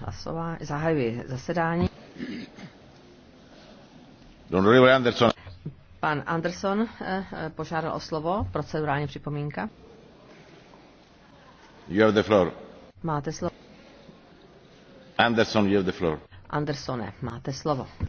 hlasování, zahajuji zasedání. Anderson. Pan Anderson eh, eh, požádal o slovo, procedurální připomínka. You have the floor. Máte slovo. Anderson, you have the floor. Andersone, máte slovo.